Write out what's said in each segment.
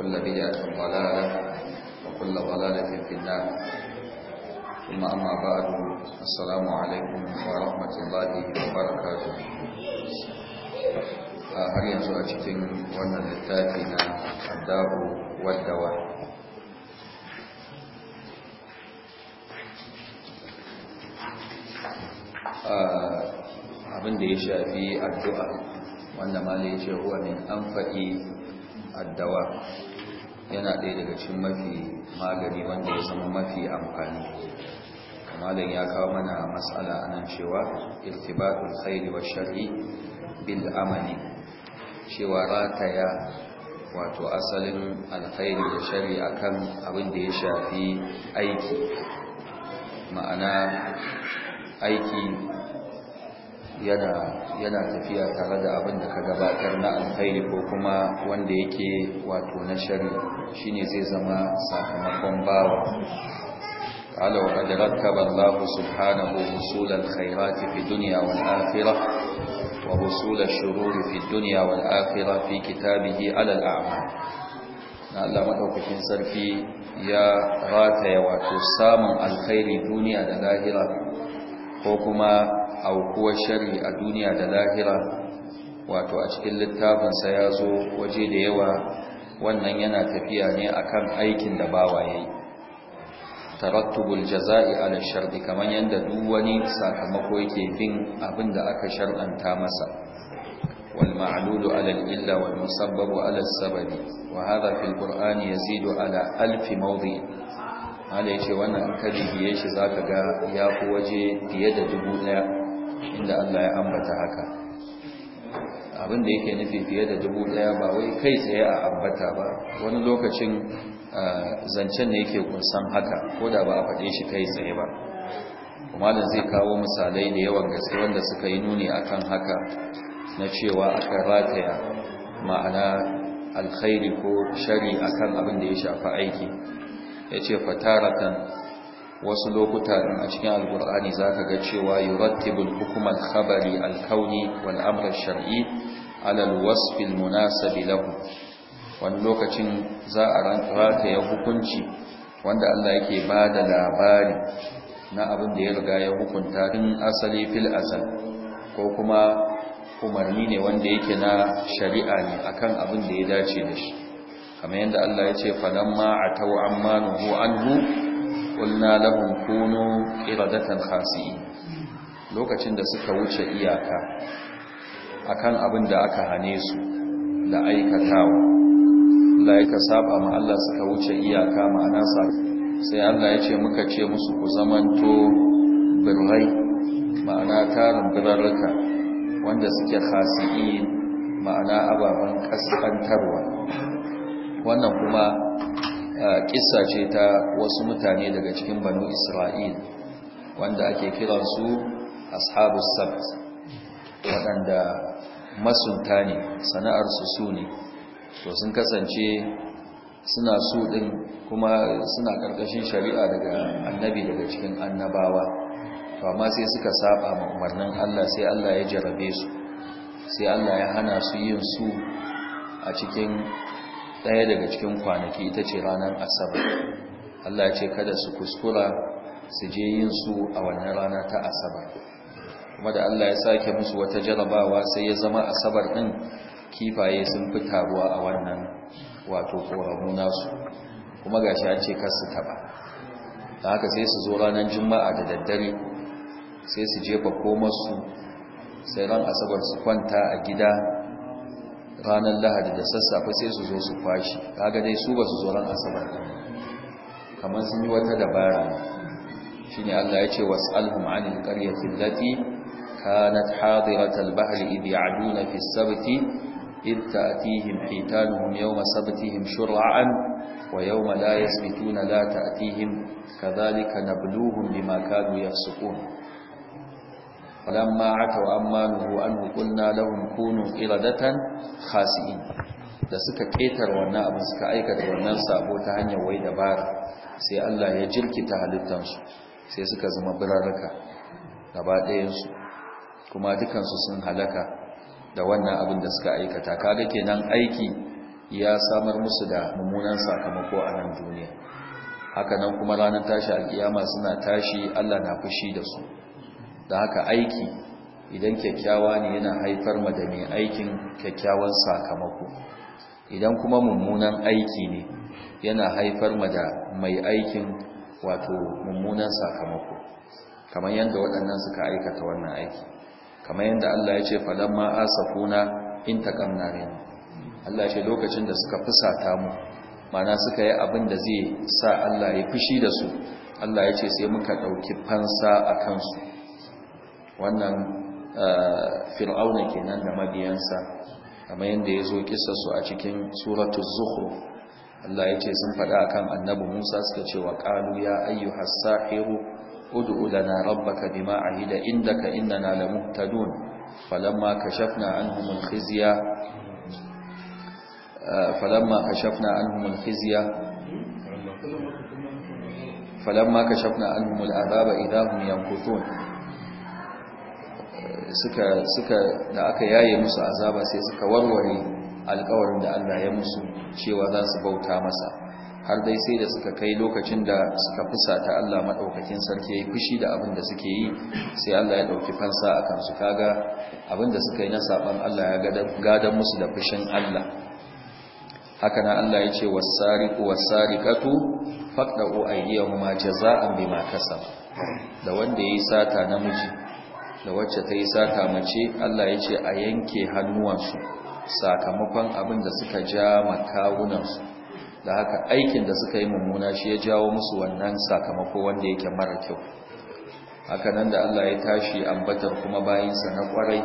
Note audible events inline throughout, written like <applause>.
وكل بدعة ضلالة وكل ضلالة في النار ثم أما بعد السلام عليكم ورحمة الله وبركاته har yanzu a cikin wannan littafi na Adabu, waddawa abin da ya shafi addu'a wanda ma ya ce huwa min an faɗi addawa yana ɗaya daga cikin mafi magani wanda ya zama mafi amfani malam ya kawo mana matsala anan cewa irtibatul khairi wa sharri bil amali cewa rataya wato asalin alkhairi da shari akan abin da ya shafi aiki ma'ana aiki yana tafiya tare da abin da ka gabatar na alkhairi ko kuma wanda yake wato na shari shine zai zama sakamakon bawa قال وقد رتب الله سبحانه وصول الخيرات في الدنيا والآخرة ووصول الشرور في الدنيا والآخرة في كتابه على الأعمال Allah madaukakin sarki ya rataya wato samun alkhairi duniya da lahira ko aukuwar shari a duniya da lahira wato a cikin littafinsa ya zo waje da yawa wannan yana tafiya ne akan aikin da bawa yayi tarattubul jazaa'i ala sharti kaman yanda duk wani sakamako yake bin abinda aka shar'anta masa wal ma'lulu ala illa wal musabbabu ala sababi wa hadha fil qur'ani yazidu ala alf mawdi yace wannan in ka shi zaka ga ya ku waje fiye da dubu daya inda Allah ya ambata haka abin da yake nufi fiye da dubu daya ba wai kai tsaye a ambata ba wani lokacin zancen ne yake kunsan haka ko da ba a faɗe shi kai tsaye ba kuma da zai kawo misalai da yawan gaske wanda suka yi nuni akan haka na cewa aka rataya ma'ana alkhairi ko shari akan abin da ya shafa aiki ya ce fataratan wasu lokuta din a cikin alkur'ani zaka ga cewa yurattibul hukumar khabari alkauni wal amr shar'i ala alwasf almunasib lahu wani lokacin za a ranka ya hukunci wanda Allah yake bada labari na abin da ya riga ya hukunta din asali fil asal ko kuma umarni ne wanda yake na shari'a ne akan abin da ya dace da shi kamar yadda Allah ya ce falamma atau amma nuhu anhu qulna lahum kunu qiradatan khasi'in lokacin da suka wuce iyaka akan abin da aka hane su da aikatawa Laika saba ma Allah suka wuce iyaka ma'ana sa sai Allah ya ce muka ce musu ku zamanto birrai ma'ana tarin birarruka wanda suke khasi'in ma'ana ababen kaskantarwa wannan kuma kissa ce ta wasu mutane daga cikin banu isra'il wanda ake kiransu ashabus sabt waɗanda masunta ne sana'arsu su ne to sun kasance suna su ɗin kuma suna ƙarƙashin shari'a daga annabi daga cikin annabawa to amma sai suka saba ma umarnin Allah sai Allah ya jarabe su sai Allah ya hana su yin su a cikin Daya daga cikin kwanaki ita ce ranar asabar Allah ya ce kada su kuskura su je yin su a wannan rana ta asabar kuma da Allah ya sake musu wata jarabawa sai ya zama asabar ɗin kifaye sun fi taruwa a wannan wato ƙoramu nasu kuma gashi an ce kar su taɓa da haka sai su zo ranar juma'a da daddare sai su jefa komarsu sai ran asabar su kwanta a gida ranar lahadi da sassafe sai su zo su fashi kaga dai su ba su zo ran asabar kamar sun yi wata dabara shi ne Allah ya ce wasu anil qaryati allati kanat hadiratal bahri id ya'duna fi sabti id ta'tihim hitanuhum yawma sabtihim shur'an wa yawma la yasbituna la ta'tihim kadhalika nabluhum bima kanu yafsukun فلما عتوا عما نهوا عنه قلنا لهم كونوا قردة خاسئين da suka ketar wannan abin suka aikata wannan sabo ta hanyar wai dabara sai Allah ya jirkita halittansu sai suka zama birarraka gaba ɗayansu kuma dukansu sun halaka da wannan abin da suka aikata kaga kenan aiki ya samar musu da mummunan sakamako a nan duniya haka nan kuma ranar tashi alkiyama suna tashi Allah na fushi da su da haka aiki idan kyakkyawa ne yana haifar ma da mai aikin kyakkyawan sakamako idan kuma mummunan aiki ne yana haifar ma da mai aikin wato mummunan sakamako kamar yadda waɗannan suka aikata wannan aiki kamar yadda Allah ya ce falamma asafuna in taqamna min Allah ya ce lokacin da suka fi sata mu mana suka yi abin da zai sa Allah ya fushi da su Allah ya ce sai muka ɗauki fansa a kansu wannan eh, fir'auna kenan da mabiyansa kamar yadda ya zo kisa su a cikin suratul zuhru Allah ya ce sun faɗa akan annabi Musa suka ce wa qalu ya ayyuhas sahiru ud'u lana rabbaka bima ahida indaka innana lamuhtadun falamma kashafna anhum alkhizya eh, falamma kashafna anhum alkhizya falamma kashafna anhum al'adaba idahum yankuthun suka suka da aka yaye musu azaba sai suka warware alƙawarin da Allah ya musu cewa za su bauta masa har dai sai da suka kai lokacin da suka fusata Allah madaukakin sarki yayi fushi da abin da suke yi sai Allah ya dauki fansa akan su kaga abin da suka yi na saban Allah ya gadan musu da fushin Allah haka nan Allah ya ce was-sariqu was-sariqatu faqdu ma jazaa'an bima kasab da wanda yayi sata namiji da wacce ta yi saka mace Allah ya ce a yanke hannuwansu sakamakon abin da suka ja makawunansu da haka aikin da suka yi mummuna shi ya jawo musu wannan sakamako wanda yake mara kyau hakanan da Allah ya tashi ambatar kuma bayinsa na kwarai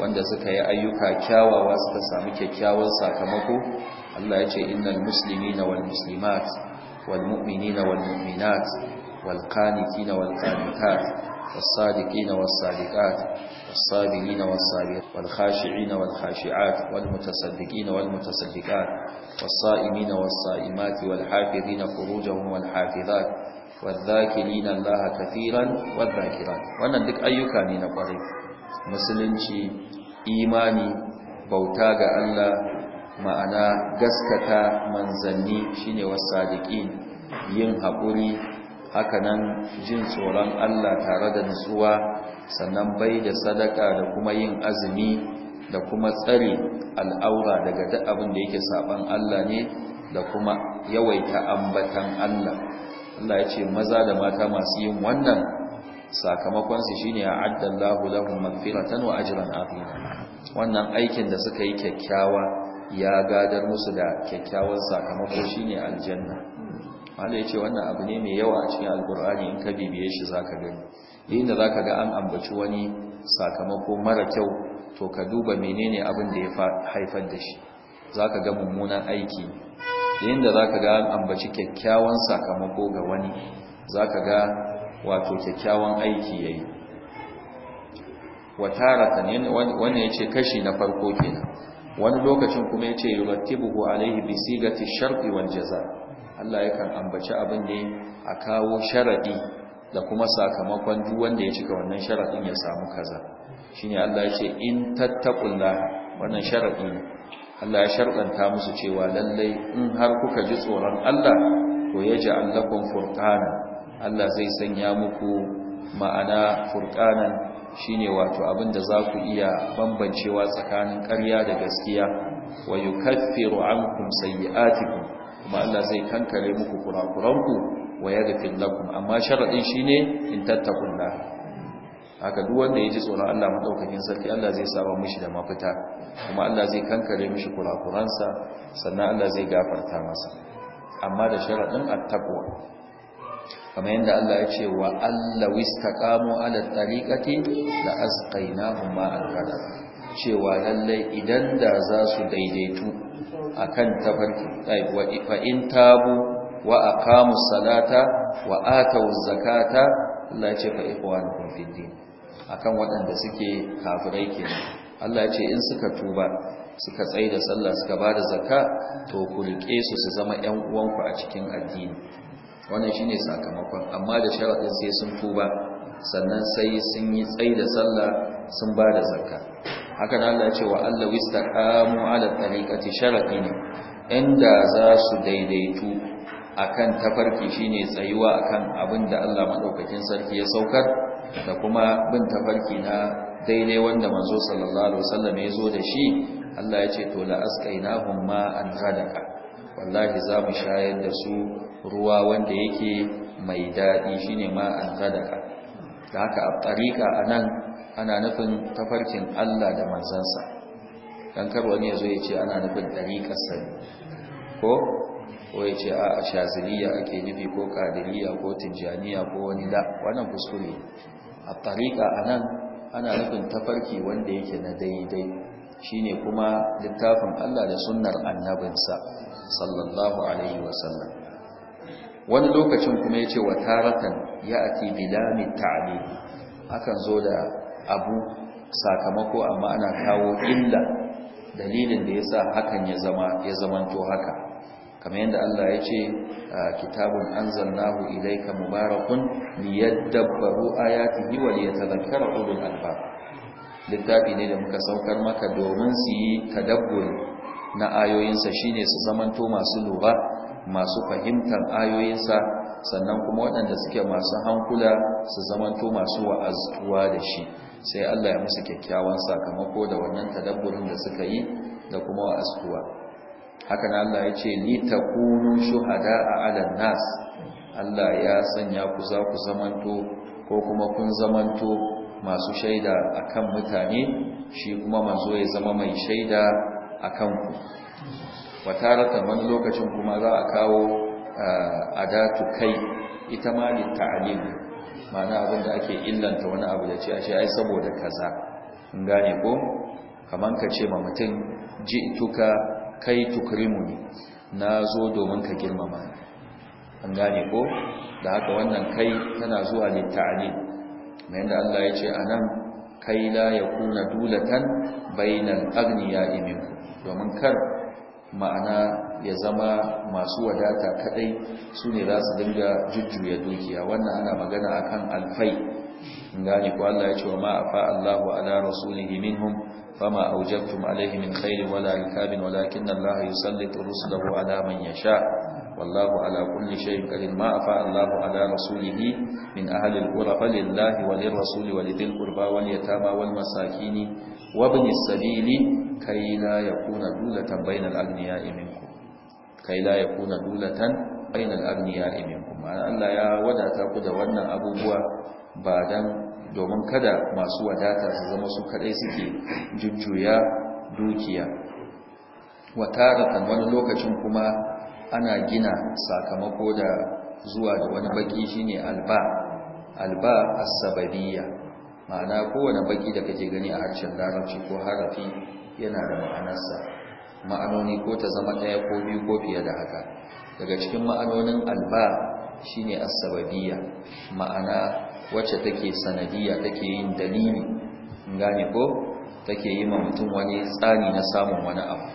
wanda suka yi ayyuka kyawawa suka sami kyakkyawan sakamako Allah ya ce innal muslimina wal muslimat wal mu'minina wal mu'minat wal qanitina wal qanitat والصادقين والصادقات والصابرين والصابرات والخاشعين والخاشعات والمتصدقين والمتصدقات والصائمين والصائمات والحافظين فروجهم والحافظات والذاكرين الله كثيرا والذاكرات wannan duk ayyuka ne na kwarai musulunci imani bauta ga Allah ma'ana gaskata manzanni shine wasadiqin yin haƙuri hakanan jin tsoron Allah tare da nutsuwa sannan bai da sadaka da kuma yin azumi da kuma tsare al'aura daga duk abin da yake saban Allah ne da kuma yawaita ambatan Allah Allah ya ce maza da mata masu yin wannan sakamakon su shine a'addallahu lahum maghfiratan wa ajran azima wannan aikin da suka yi kyakkyawa ya gadar musu da kyakkyawan sakamako shine aljanna wanda ya ce wannan abu ne mai yawa a cikin alkur'ani in ka bibiye shi za ka gani inda za ka ga an ambaci wani sakamako mara kyau to ka duba menene abin da ya haifar da shi za ka ga mummunan aiki inda za ka ga an ambaci kyakkyawan sakamako ga wani za ka ga wato kyakkyawan aiki ya yi wataratan wannan ya ce kashi na farko kenan wani lokacin kuma ya ce ku alaihi bisigati sharfi wal jaza' Allah yakan ambaci abin ne a kawo sharaɗi da kuma sakamakon duk wanda ya cika wannan sharadin ya samu kaza shine Allah ya ce in tattaqullaha wannan sharadi Allah ya sharɗanta musu cewa lallai in har kuka ji tsoron Allah to yaj'al lakum furqana Allah zai sanya muku ma'ana furqanan shine wato abin da za ku iya bambancewa tsakanin ƙarya da gaskiya wa yukaffiru ankum kuma Allah zai kankare muku kurakuranku wa yaghfir lakum amma sharaɗin shi ne, in tattaqullah haka duk wanda ji tsoron Allah madaukakin sarki Allah zai saba mishi da mafita kuma Allah zai kankare mishi kurakuransa sannan Allah zai gafarta masa amma da sharaɗin at-taqwa kamar yadda Allah ya ce wa Allah wistaqamu ala tariqati la azqainahum ma'an ghadab cewa lallai idan da za su daidaitu akan tafarki ai wa fa in tabu wa aqamu salata wa atu zakata Allah ya ce fa ikhwanukum fid din akan waɗanda suke kafirai ke Allah ya ce in suka tuba suka tsaye da sallah suka ba da zakka to ku riƙe su su zama ƴan uwanku a cikin addini wannan shine sakamakon amma da sharadin sai sun tuba sannan sai sun yi tsaye da sallah sun ba da zakka haka da Allah ya ce wa Allah wistaqamu ala tariqati sharati ne inda za su daidaitu akan tafarki shine tsayuwa akan abin da Allah madaukakin sarki ya saukar da kuma bin tafarki na daidai wanda manzo sallallahu alaihi wasallam ya zo da shi Allah ya ce to la askainahum ma an ghadaka wallahi za mu shayar da su ruwa wanda yake mai daɗi shine ma an ghadaka da haka a tariqa anan ana nufin tafarkin Allah da manzansa don kar wani yazo ya ce ana nufin dariƙar sani ko ko ya ce a shaziliya ake nufi ko kadiriya ko tijjaniya ko wani da wannan kuskure a a nan, ana nufin tafarki wanda yake na daidai shine kuma littafin Allah da sunnar annabinsa sallallahu alaihi wasallam wani lokacin kuma ya ce wa taratan ya'ti bilami ta'lim akan zo da abu sakamako amma ana kawo illa dalilin da ya sa hakan ya zama ya zamanto haka kamar yadda Allah ya ce kitabun anzalnahu ilayka mubarakun liyadabbaru ayatihi wa liyatadhakkara ulul albab littafi ne da muka saukar maka domin su yi tadabburi na ayoyinsa shine su zamanto masu lura masu fahimtar ayoyinsa sannan kuma waɗanda suke masu hankula su zamanto masu wa'azuwa da shi sai Allah ya musu kyakkyawan sakamako da wannan tadabburin da suka yi da kuma wa askuwa haka nan Allah ya ce li takunu a 'ala nas Allah ya sanya ku za ku zamanto ko kuma kun zamanto masu shaida akan mutane shi kuma manzo ya zama mai shaida akan ku wataratan wani lokacin kuma za a kawo eh, adatu kai ita ma litta'alim ma'ana abin da ake illanta wani abu da ce a ce ai saboda kaza in gane ko kaman ka ce ma mutum ji tuka kai tukrimuni na zo domin ka girmama ni an gane ko da haka wannan kai tana zuwa ne ta'ali ma Allah ya ce a nan kai la ya kuna dulatan bainal agniya imin domin kar ma'ana ya zama masu wadata kadai su ne za su dinga jujjuya dukiya wannan ana magana akan alfai gane ko Allah ya ce wa ma afa Allahu ala rasulihi minhum fama awjabtum alayhi min khairin wala rikabin walakin Allah yusallitu rusulahu ala man yasha wallahu ala kulli shay'in qadir ma afa Allahu ala rasulihi min ahli al-qura falillahi walirrasul walidil qurba wal yatama wal masakin wa ibnis sabili kay la yakuna dulatan bainal aghniya'i minkum kai la yakuna dulatan al agniya minkum Allah ya wadata ku da wannan abubuwa ba dan domin kada masu wadata su zama su kadai suke jujjuya dukiya wa wani lokacin kuma ana gina sakamako da zuwa da wani baki shine alba alba as-sababiyya ma'ana kowane baki da kake gani a harshen larabci ko harafi yana da ma'anarsa ma'anoni ko ta zama ɗaya ko biyu ko fiye da haka daga cikin ma'anonin alba shine asbabiyya ma'ana wacce take sanadiyya take yin dalili gane ko take yi ma mutum wani tsani na samun wani abu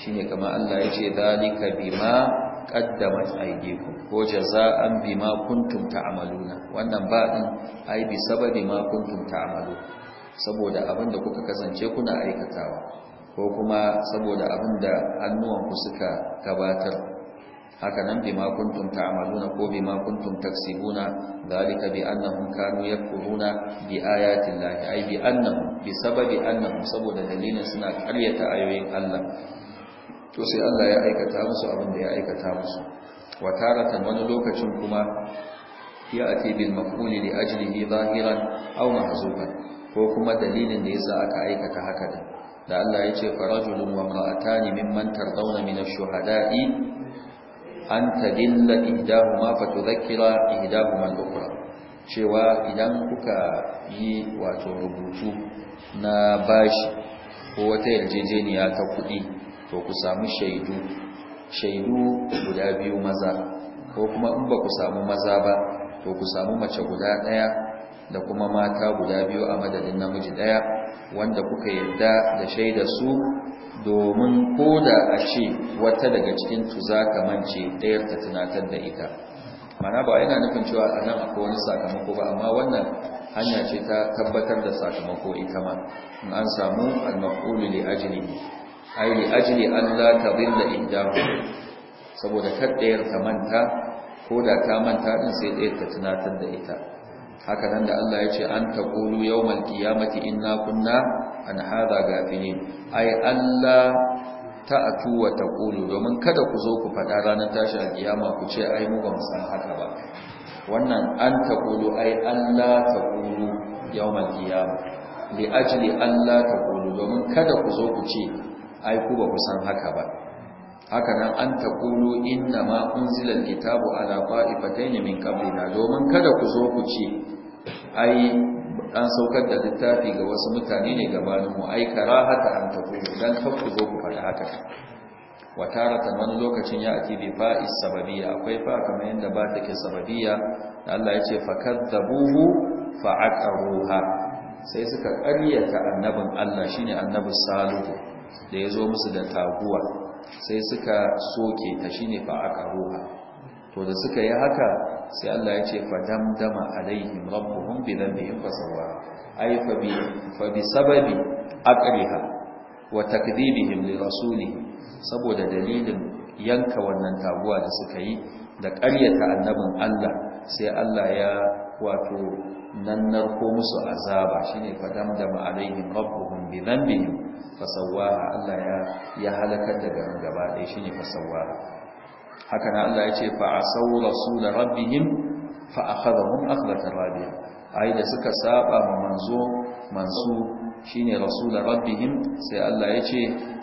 shine kamar Allah ya ce dalika bima qaddamat aydikum ko jaza'an bima kuntum ta'maluna wannan ba din ai bi sababi ma kuntum ta'malu saboda abinda kuka kasance kuna aikatawa ko kuma saboda abin da hannuwanku suka gabatar haka nan bima kuntum ta'maluna ko bima kuntum taksibuna zalika bi annahum kanu yakfuruna bi ayati llahi ay bi annahum bi sababi annahum saboda dalilin suna karyata ayoyin Allah to sai Allah ya aikata musu abin da ya aikata musu wa taratan wani lokacin kuma ya'ti bil maf'uli li ajlihi zahiran aw mahzuban ko kuma dalilin da yasa aka aikata haka din da Allah ya ce farajulun wa mra'atani mimman tardawna min ash-shuhada'i an tadilla ihdahuma fa tudhakkira ihdahuma al-ukhra cewa idan kuka yi wato rubutu na bashi ko wata yarjejeniya ta kudi to ku samu shaidu shaidu guda biyu maza ko kuma in ba ku samu maza ba to ku samu mace guda ɗaya da kuma mata guda biyu a madadin namiji ɗaya wanda kuka yarda da shaida su domin koda a ce wata daga cikin tuza kamance ɗayar ta tunatar da ita mana ba yana nufin cewa a nan akwai wani sakamako ba amma wannan hanya ce ta tabbatar da sakamako ita ma in an samu al-maqulu li ajli ai li ajli an la tadilla iddahu saboda kar ɗayar ta manta ko da ta manta din sai ɗayar ta tunatar da ita haka nan da Allah ya ce an taqulu yawmal qiyamati inna kunna an hadha gafilin ai Allah ta'atu wa taqulu domin kada ku zo ku faɗa ranar tashi alkiyama ku ce ai mu ba mu san haka ba wannan an taqulu ai Allah taqulu yawmal qiyama li ajli Allah taqulu domin kada ku zo ku ce ai ku ba ku san haka ba haka nan an taqulu inna ma unzila alkitabu ala qa'ifatayn min qablina domin kada ku zo ku ce ai an saukar da littafi ga wasu mutane ne gabanin mu ai karahata an tafi dan tafi zo ku fada haka wa taratan wani lokacin ya ake bi fa'is sababiyya akwai fa kamar yanda ba ke sababiyya Allah ya ce fakadzabuhu fa'aqaruha sai suka ƙaryata annabin Allah shine annabi salihu da yazo musu da taguwa sai suka soke ta shine fa'aqaruha to da suka yi haka sai Allah ya ce fadamdama alaihim rabbuhum bi dhanbihim fasawa ay fa bi fa bi sababi aqriha wa takdibihim li rasulih saboda dalilin yanka wannan taguwa da suka yi da ƙaryata annabin Allah sai Allah ya wato nan narko musu azaba shine fadamdama alaihim rabbuhum bi dhanbihim fasawaha Allah ya ya halakar da garin gaba ɗaya shine fasawaha haka na Allah ya ce fa asaw rasul rabbihim fa akhadhahum akhdatan rabiya ai da suka saba ma manzo mansu shine rasu rasul rabbihim sai Allah ya ce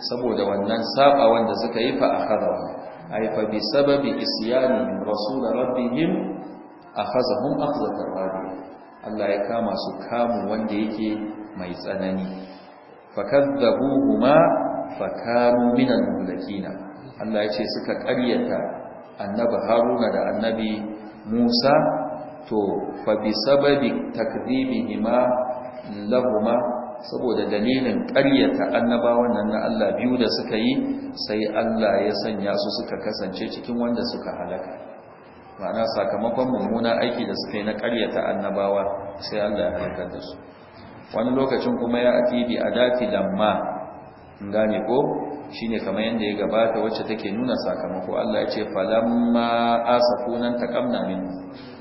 saboda wannan saba wanda suka yi fa akhadhahum ai fa bi sababi isyanihim rasul rabbihim akhadhahum akhdatan rabiya Allah ya kama su kamu wanda yake mai tsanani Fa fakadzabuhuma fakanu minal muhlakina Allah ya ce suka ƙaryata annabi haruna da annabi musa to fa bi sababi takdibihima lahuma saboda dalilin ƙaryata annabawan nan na Allah biyu da suka yi sai Allah ya sanya su suka kasance cikin wanda suka halaka ma'ana sakamakon mummuna aiki da suka yi na ƙaryata annabawa sai Allah ya halaka da su wani lokacin kuma ya ati bi adati lamma gane ko shine kamar yadda ya gabata wacce take nuna sakamako Allah ya ce falamma asafunan taqamna min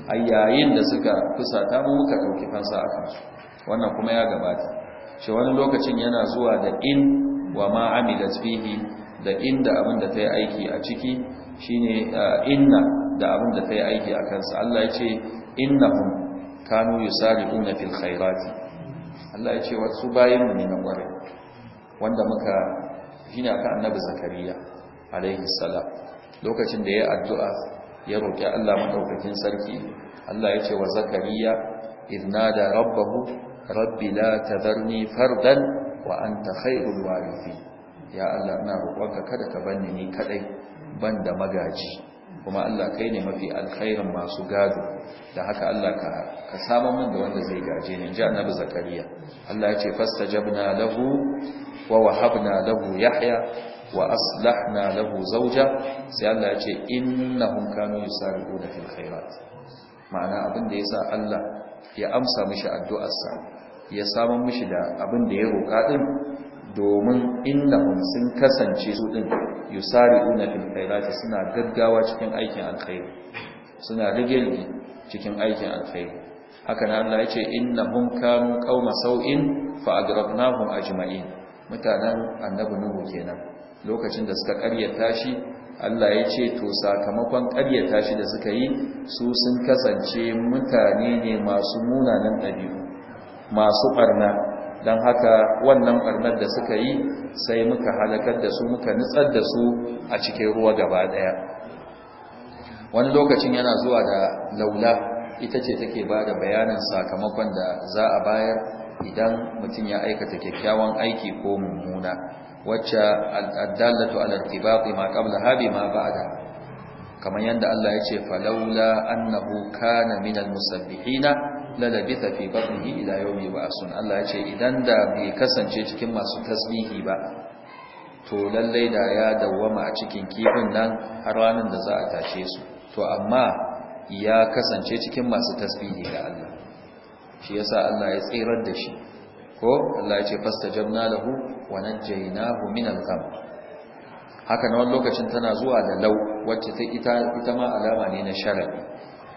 ayayin da suka kusata mu muka dauki fansa akan su wannan kuma ya gabata shi wani lokacin yana zuwa da in wa ma amilat fihi da inda abin da ta yi aiki a ciki shine uh, inna da abin da ta yi aiki a kansa Allah ya ce innahum kanu yusari'una fil khairati Allah ya ce wasu bayin ne na kwarai wanda muka shine akan annabi zakariya alaihi salam lokacin da ya addu'a ya roki Allah madaukakin sarki Allah ya ce wa zakariya idnada rabbahu rabbi la tadharni fardan wa anta khairul warithin ya Allah ina roƙonka kada ka banni ni kadai banda magaji kuma Allah kai ne mafi alkhairin masu gado da haka Allah ka ka samu min da wanda zai gaje ni ji annabi zakariya Allah ya ce fastajabna lahu wa wahabna lahu yahya wa aslahna lahu zawja sai Allah ya ce innahum kanu yusarifuna fil khairat ma'ana abin da yasa Allah ya amsa mishi sa, ya samu mishi da abin da ya roka din domin innahum sun kasance su din yusarifuna fil khairat suna gaggawa cikin aikin alkhairi suna rige cikin aikin alkhairi haka nan Allah ya ce innahum kanu qauma sau'in fa agrabnahum ajma'in mutanen annabi nuhu kenan lokacin da suka ƙaryata shi Allah ya ce to sakamakon ƙaryata shi da suka yi su sun kasance mutane ne masu munanan ɗabi'u masu ɓarna, don haka wannan ɓarnar da suka yi sai muka halakar da su muka nitsar da su a cikin ruwa gaba ɗaya wani lokacin yana zuwa da laula ita ce take ba da bayanin sakamakon da za a bayar idan mutum ya aikata kyakkyawan aiki ko mummuna wacce addallatu ala tibaqi ma qabla habi ma ba'da kamar yadda Allah ya ce falaula annahu kana minal musabbihina labitha fi batnihi ila yawmi ba'sun Allah ya ce idan da bai kasance cikin masu tasbihi ba to lallai da ya dawwama a cikin kifin nan har ranar da za a tashe su to amma ya kasance cikin masu tasbihi ga Allah shi yasa Allah ya tsirar da shi ko Allah ya ce fastajabna lahu wa najjaynahu min al-gham haka na lokacin tana zuwa da law wacce ta ita ita ma alama ne na sharadi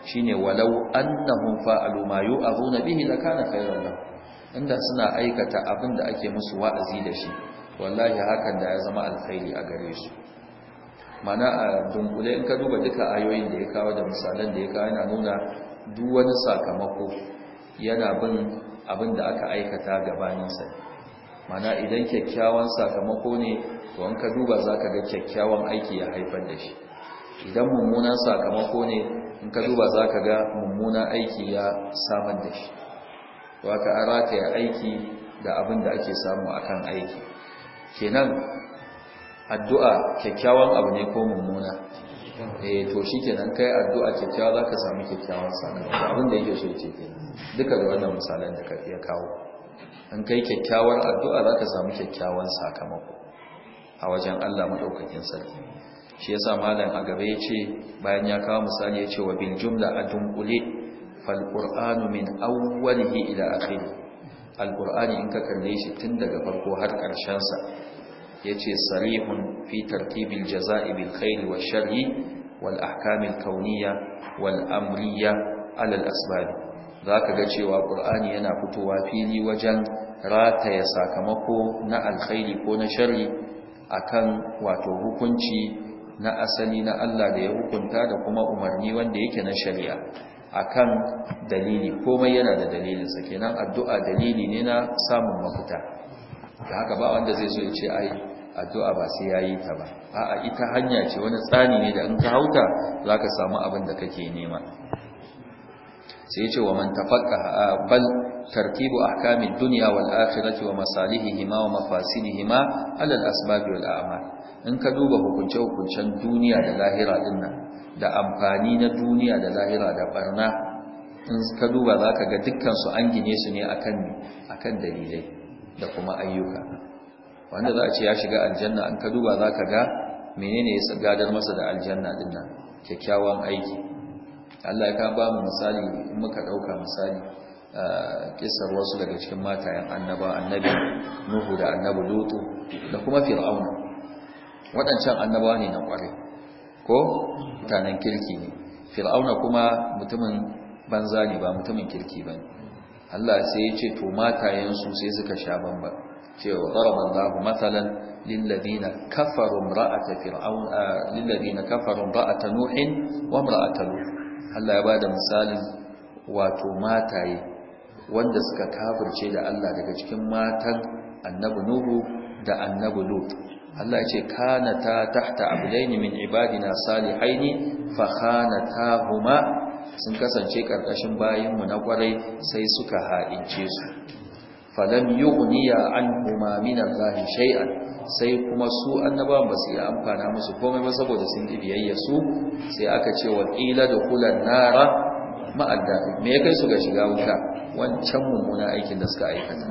shine walau annahum fa'alu ma yu'azuna bihi lakana khayran lahum inda suna aikata abin da ake musu wa'azi da shi wallahi hakan da ya zama alkhairi a gare su mana a dunkule in ka duba duka ayoyin da ya kawo da misalan da ya kawo yana nuna duk wani sakamako yana bin abin da aka aikata gabaninsa mana idan kyakkyawan sakamako ne to an ka duba za ka ga kyakkyawan aiki ya haifar da shi idan mummunan sakamako ne in ka duba za ka ga mummunan aiki ya samar da shi to aka rataya aiki da abin da ake samu akan aiki kenan addu'a kyakkyawan abu ne ko mummuna eh to shikenan kai addu'a kyakkyawa zaka samu kyakkyawan sakamako abin da yake so ke kenan duka da wannan misalan da ya kawo in kai kyakkyawar addu'a zaka samu kyakkyawan sakamako a wajen Allah madaukakin sarki shi yasa malam a gaba yace bayan ya kawo misali ya ce wa bil jumla adunqule fal qur'anu min awwalihi ila akhirih Alƙur'ani in ka kalle shi tun daga farko har karshen sa yace sarihun fi tartibil jazaa'i bil khairi wa shar'i wal ahkam al kauniyya wal amriyya ala al asbab zaka ga cewa qur'ani yana fitowa fili wajen rataya sakamako na alkhairi ko na shar'i akan wato hukunci na asali na Allah da ya hukunta da kuma umarni wanda yake na shari'a akan dalili komai yana da dalilinsa kenan addu'a dalili ne na samun mafita da haka ba wanda zai so ya ce ai addu'a ba sai yayi ta ba a'a ita hanya ce wani tsani ne da in ka hauta zaka samu abin da kake nema sai yace wa man tafaqqa bal tartibu ahkami dunya wal akhirati wa masalihihima wa mafasidihima ala al asbab wal a'mal in ka duba hukunce hukuncen duniya da lahira dinnan da amfani na duniya da lahira da barna in ka duba zaka ga dukkan su an gine su ne akan akan dalilai da kuma ayyuka wanda za a ce ya shiga aljanna an ka duba za ka ga menene ya gadar masa da aljanna din nan kyakkyawan aiki Allah ya ka ba mu misali in muka dauka misali kisar wasu daga cikin matayen annaba annabi nuhu da annabi lutu da kuma fir'auna waɗancan annabawa ne na ƙware ko mutanen kirki ne fir'auna kuma mutumin banza ne ba mutumin kirki ba ne Allah sai ya ce to matayensu sai suka sha bamban cewa daraba Allahu mathalan lil ladina kafaru imra'ata fir'aun ah, lil ladina kafaru nuhin wa Allah ya bada misalin wato mataye wanda suka kafirce da Allah daga cikin matan annabi nuhu da annabi lut Allah ya ce ta tahta abdaini min ibadina salihaini fa huma, sun kasance karkashin bayinmu na kwarai sai suka ha'ince su falam yughniya anhuma min Allah shay'an sai kuma su annaba basu yi amfana musu komai ba saboda sun yi biyayya su sai aka ce wa qila dukulan nara ma'adda me kai su ga shiga wuta wancan mummuna aikin da suka aikata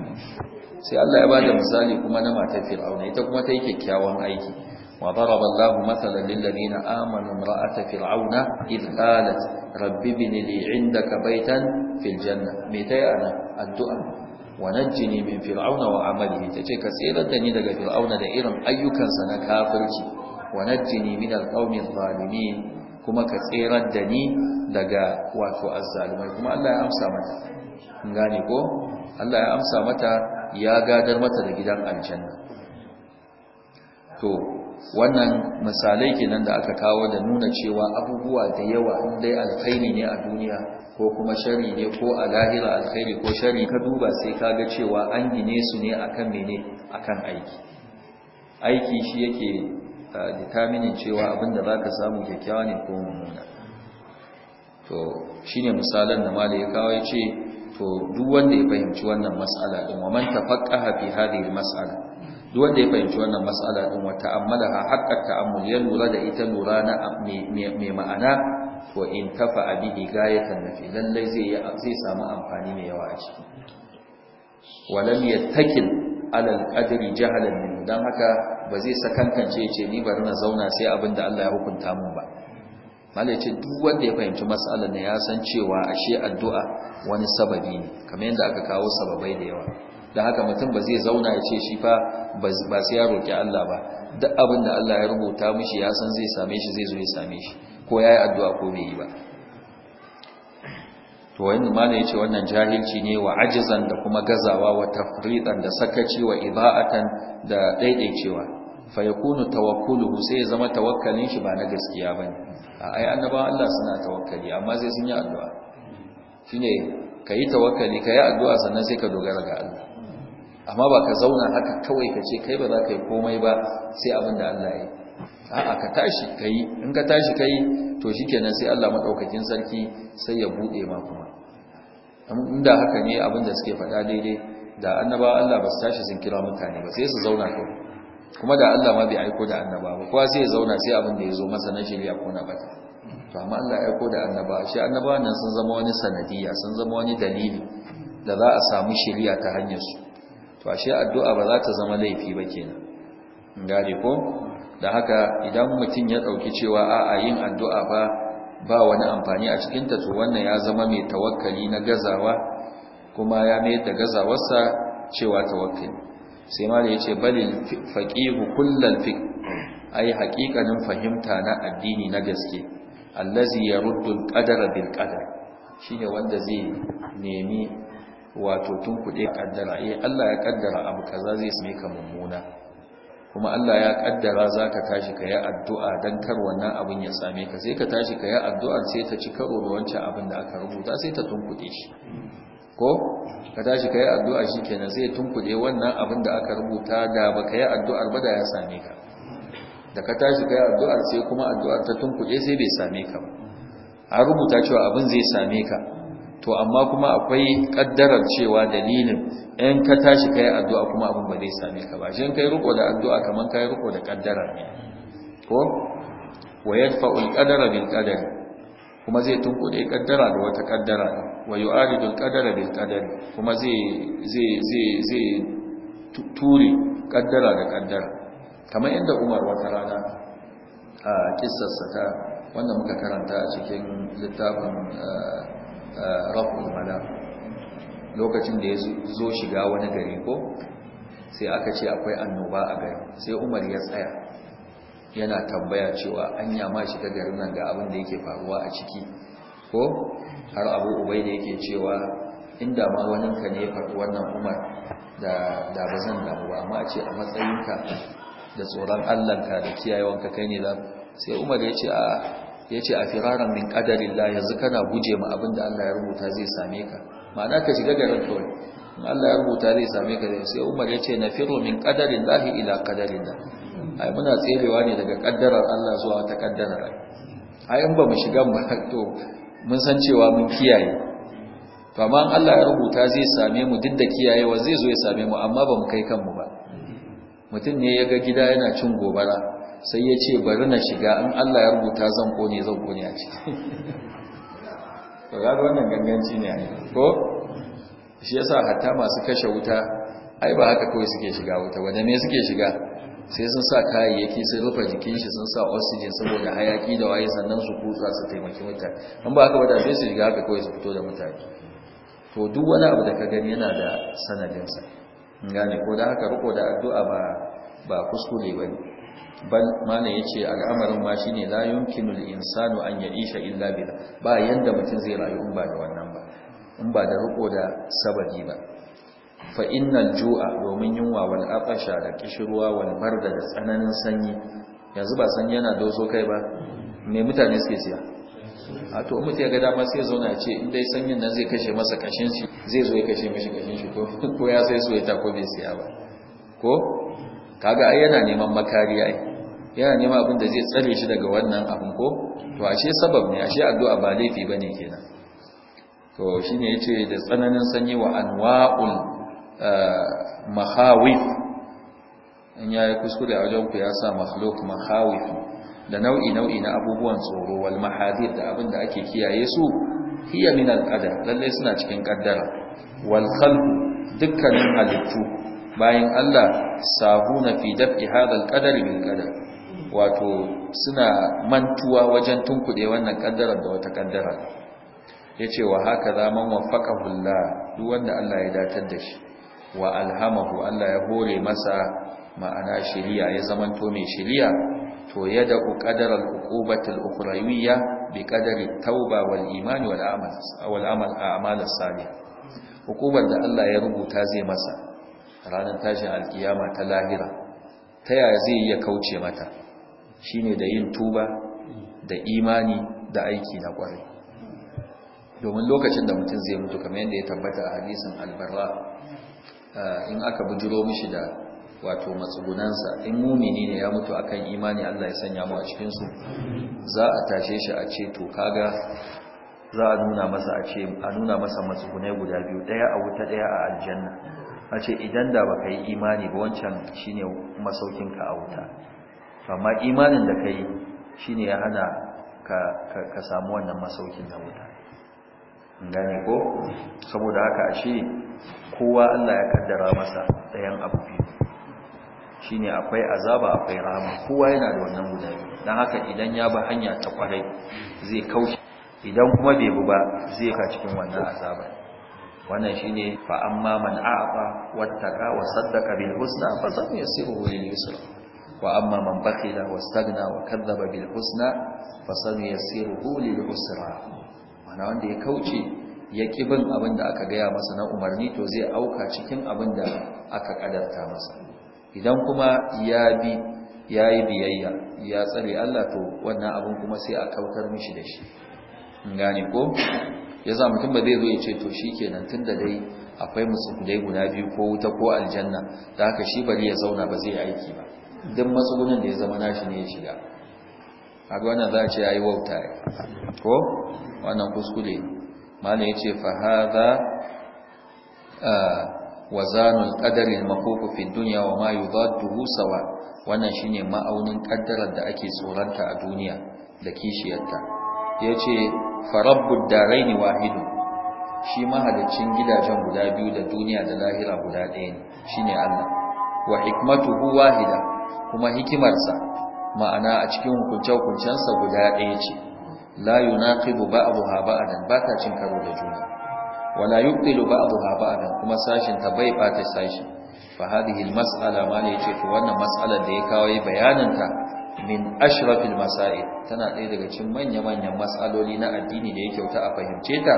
sai Allah ya bada misali kuma na matar Fir'auna ita kuma ta yi kyakkyawan aiki wa daraba Allah mathalan lil ladina amanu ra'ata fir'auna id qalat rabbi ibn li 'indaka baytan fil janna me tayi ana addu'a wanajjini min fir'auna wa amalihi tace ka tsirar da ni daga fir'auna da irin ayyukansa na kafirci wanajjini min alqawmi adh kuma ka tsirar da ni daga wato azzalimai kuma Allah ya amsa mata gane ko Allah ya amsa mata ya gadar mata da gidan aljanna to wannan misalai kenan da aka kawo da nuna cewa abubuwa da yawa dai alkhairi ne a duniya ko kuma shari ne ko a lahira alkhairi ko shari ka duba sai ka ga cewa an gine su ne akan mene akan aiki aiki shi yake ah, determining cewa abinda da zaka samu kyakkyawa ne ko mummuna to shine misalan da malai ya kawo ya ce, to duk wanda ya fahimci wannan mas'ala din wa man tafaqqaha fi hadhihi mas'ala duk wanda ya fahimci wannan mas'ala din wa ta'ammalaha haqqa ta'ammul ya lura da ita lura na mai ma'ana to in tafa bihi gayatan nafi lallai zai zai samu amfani mai yawa a ciki wa lam yattakil ala al-qadri jahalan min dan haka ba zai sakankance ce ni bari na zauna sai abinda Allah ya hukunta mun ba malai ce duk wanda ya fahimci mas'alar ne ya san cewa ashe addu'a wani sababi ne kamar yadda aka kawo sababai da yawa da haka mutum ba zai zauna ya ce shi fa ba sai ya roƙi Allah ba duk abin da Allah ya rubuta mishi ya san zai same shi zai zo ya same shi ko ya yi addu'a ko bai yi ba to wani mana ya ce wannan jahilci ne wa ajizan da kuma gazawa wa tafridan da sakaci wa iba'atan da ɗaiɗaicewa fa ya kunu tawakkuluhu sai ya zama tawakkalin shi ba na gaskiya ba ne ai annabawan Allah suna tawakkali amma zai sun yi addu'a shine ka yi tawakkali ka yi addu'a sannan sai ka dogara ga Allah amma ba ka zauna haka kawai ka ce kai ba za ka yi komai ba sai abin da Allah ya yi a'a ka tashi ka yi in ka tashi ka yi to shi kenan sai Allah maɗaukakin sarki sai ya buɗe ma kuma inda haka ne abin da suke faɗa daidai da annaba Allah ba su tashi sun kira mutane ba sai su zauna ko kuma da Allah ma bai aiko da annaba ba kowa sai ya zauna sai abin da ya zo masa na shirya ko na bata to amma Allah ya aiko da annaba shi annaba nan sun zama wani sanadiyya sun zama wani dalili da za a samu shirya ta hanyar su to ashe addu'a ba za ta zama laifi ba kenan gane ko da haka idan mutum ya ɗauki cewa a'a yin addu'a ba ba wani amfani a cikin ta to wannan ya zama mai tawakkali na gazawa kuma ya mai da gazawarsa cewa tawakkali sai ma da yace balil faqihu kullal ai haƙiƙanin fahimta na addini na gaske allazi yaruddu al-qadara bil qadar shine wanda zai nemi wato tun kuɗe ƙaddara. eh Allah ya ƙaddara abu za zai same ka mummuna kuma Allah ya ƙaddara za ka tashi ka yi addu'a don kar wannan abin ya same ka sai ka tashi ka yi addu'ar sai ta ci karo da wancan abin da aka rubuta sai ta tun kuɗe shi ko ka tashi ka yi addu'a shi kenan sai tun kuɗe wannan abin da aka rubuta da baka yi addu'ar ba da ya same ka da ka tashi ka yi addu'ar sai kuma addu'ar ta tun kuɗe sai bai same ka ba a rubuta cewa abin zai same ka to amma kuma akwai kaddarar cewa dalilin in ka tashi kai addu'a kuma abin ba zai same ka ba shin kai riko da addu'a kaman kai riko da kaddara ne ko wa al qadara bil qadari kuma zai da kaddara da wata kaddara wa al qadara bil qadari kuma zai zai zai zai ture kaddara da kaddara kamar inda Umar wata rana a sa ta wanda muka karanta a cikin littafin eh, rafin mana lokacin da ya zo shiga wani gari ko sai aka ce akwai annoba a gari sai umar ya tsaya yana tambaya cewa an yama shiga garin nan ga abin da yake faruwa a ciki ko har abu ubai da yake cewa inda ma waninka ne faru wannan umar da ba zan damuwa amma a ce a matsayinka da tsoron ka da kiyayewanka kai ne sai umar ya ce a Ya ce a firaran min ƙadarin la yanzu kana guje ma abinda Allah ya rubuta zai same ka ma'ana ka shiga garin kawai in Allah ya rubuta zai same ka sai Umar ya ce na nafiru min ƙadarin qadarillah ila da ai muna tserewa ne daga kaddarar Allah zuwa ta kaddarar ai ai in ba mu shiga ba to mun san cewa mun kiyaye to amma Allah ya rubuta zai same mu duk da kiyayewa zai zo ya same mu amma ba mu kai kanmu ba mutum ne ya ga gida yana cin gobara sai ya ce bari na shiga in Allah ya rubuta zan kone zan kone a ciki <laughs> to ga wannan ganganci ne ai ko shi yasa hatta masu kashe wuta ai ba haka kawai suke shiga wuta wanda ne suke shiga sai sun sa kayayyaki sai rufe jikin shi sun sa oxygen saboda hayaki da waye sannan su kutsa su taimaki wuta in ba haka ba da sai su shiga haka kawai su fito da mutane to duk wani abu da ka gani yana da sanadinsa gane ko da haka riko da addu'a ba ba kuskure bane bal mana yace al'amarin ma shine la yumkinu lil insanu an ya'isha illa bila ba yanda mutum zai rayu in ba da wannan ba in ba da riko da sababi ba fa innal ju'a domin yunwa wal afasha da kishruwa wal barda da tsananin sanyi yanzu ba sanyi yana dozo kai ba me mutane suke siya a to mutum ya ga dama sai zo na ce in dai sanyin nan zai kashe masa kashin shi zai zo ya kashe mishi kashin shi ko ko ya sai so ya ta ko bai siya ba ko kaga ai yana neman makariya ai yana nema abin da zai tsare shi daga wannan abin ko to ashe sabab ne ashe addu'a ba laifi bane kenan to shine yace da tsananin sanyi wa anwa'ul eh, mahawif in yayi kuskure a wajen ku ya sa makhluq mahawif da nau'i nau'i na abubuwan tsoro wal mahadir da abin da ake kiyaye su hiya min al qadar lalle suna cikin kaddara wal khalq dukkanin halittu bayan Allah sahuna fi daf'i hadha al qadar bil qadar wato suna mantuwa wajen tunkuɗe wannan ƙaddarar da wata Ya yace wa haka zaman wafaƙa Allah duk wanda Allah ya datar da shi wa alhamahu Allah ya hore masa ma'ana shiriya ya zamanto mai shiriya to ya da ƙadarar uqubati al-ukhrawiyya bi qadari tauba wal iman wal amal wal amal a'mal hukubar da Allah ya rubuta zai masa ranar tashin alkiyama ta lahira ta yaya zai iya kauce mata shine da yin tuba da imani da aiki na kwarai domin lokacin da mutum zai mutu kamar yadda ya tabbata a hadisin albarra eh, in aka bujiro mishi da wato matsugunansa in mumini ne ya mutu akan imani Allah ya sanya mu a cikin su za a tashe shi a ce to kaga za a nuna masa a ce a nuna masa matsugunai guda biyu daya a wuta daya a aljanna a ce idan da baka yi imani ba wancan shine masaukinka a wuta amma imanin da kai shine ya hana ka samu wannan masaukin na wuta gane ko saboda haka ashe kowa Allah ya kaddara masa ɗayan abu biyu ne akwai azaba akwai rama kowa yana da wannan guda don haka idan ya ba hanya ta kwarai zai kaushe idan kuma bai bi ba zai ka cikin wannan azaba wannan shine fa amma man wata wattaqa wa saddaqa bil husna fa sam yasiru lil yusra wa amma man bakhila wastagna wa kadzaba bil husna huli lil usra mana wanda ya kauce ya kibin abin da aka gaya masa na umarni to zai auka cikin abin da aka kadarta masa idan kuma ya bi yayi biyayya ya tsare Allah to wannan abin kuma sai a kautar mishi da shi gane ko yasa mutum ba zai zo ya ce to shi tun da dai akwai musulmai guda biyu ko wuta ko aljanna da haka shi bari ya zauna ba zai aiki ba duk matsugunin da ya zama nashi ne ya shiga a wannan za a ce ya yi wauta ya ko wannan kuskure mana ya ce fahaza wazanul ƙadarin makokufin duniya wa mayu za duhu sawa wannan shi ne ma'aunin ƙaddarar da ake tsoranta a duniya da kishiyarta ya ce farabbud da raini wahidu shi mahalicin gidajen guda biyu da duniya da lahira guda ɗaya ne shi ne allah wa huwa wahida kuma hikimarsa ma'ana a cikin hukunce-hukuncensa guda ɗaya ce la yunaqidu ba'daha ba'dan ba ta cin karo da juna wala yubtilu ba'daha ba'dan kuma sashin ta bai bata sashi fa hadhihi almas'ala ma ne yace to wannan mas'alar da ya kawo bayanin ta min ashrafil masail tana ɗaya daga cikin manya-manyan mas'aloli na addini da ya kyauta a fahimce ta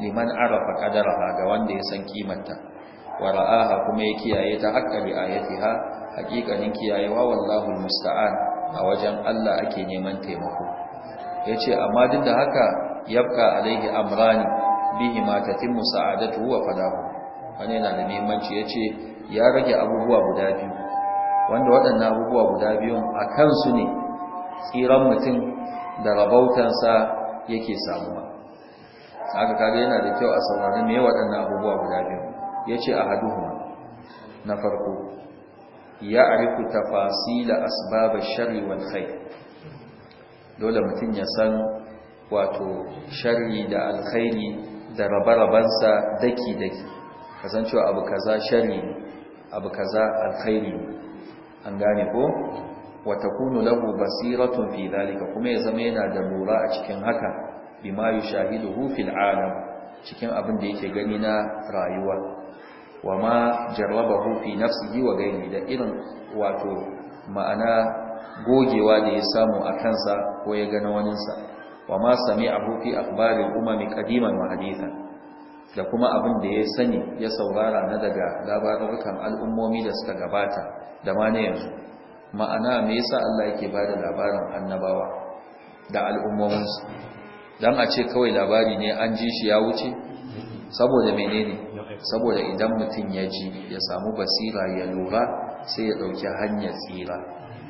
liman arafa qadaraha ga wanda ya san kimanta. wa kuma ya kiyaye ta bi ayatiha haqiqanin kiyayewa wallahu musta'an a wajen Allah ake neman taimako yace amma duk da haka yabka alaihi amrani bihi ma tatimmu sa'adatuhu wa fadahu wannan yana da muhimmanci yace ya rage abubuwa guda biyu wanda waɗannan abubuwa guda biyun a kansu ne tsiran mutum da rabautansa yake samuwa haka kaga yana da kyau a saurari me waɗannan abubuwa guda biyu ya ce a haduhuma na farko ya ariku tafasila asbaba shari wal khair dole mutum ya san wato shari da alkhairi da rabarabansa daki-daki kasancewa abu kaza shari abu kaza alkhairi an gane ko wata kunu lahu basiratun fi dalika kuma ya zama yana da lura a cikin haka bima yushahiduhu fil alam cikin abin da yake gani na rayuwa wa ma jarrabahu fi nafsihi wa gaini da irin wato ma'ana gogewa da ya samu a kansa ko ya gana waninsa wa ma sami a fi akhbaril umami qadiman wa hadithan da kuma abin da ya sani ya saurara na daga labarukan al'ummomi da suka gabata da ma na yanzu ma'ana me yasa Allah yake bada labarin annabawa da al'ummominsu dan a ce kawai labari ne an ji shi ya wuce saboda menene saboda idan mutum ya ji ya samu basira ya lura sai ya dauki hanyar tsira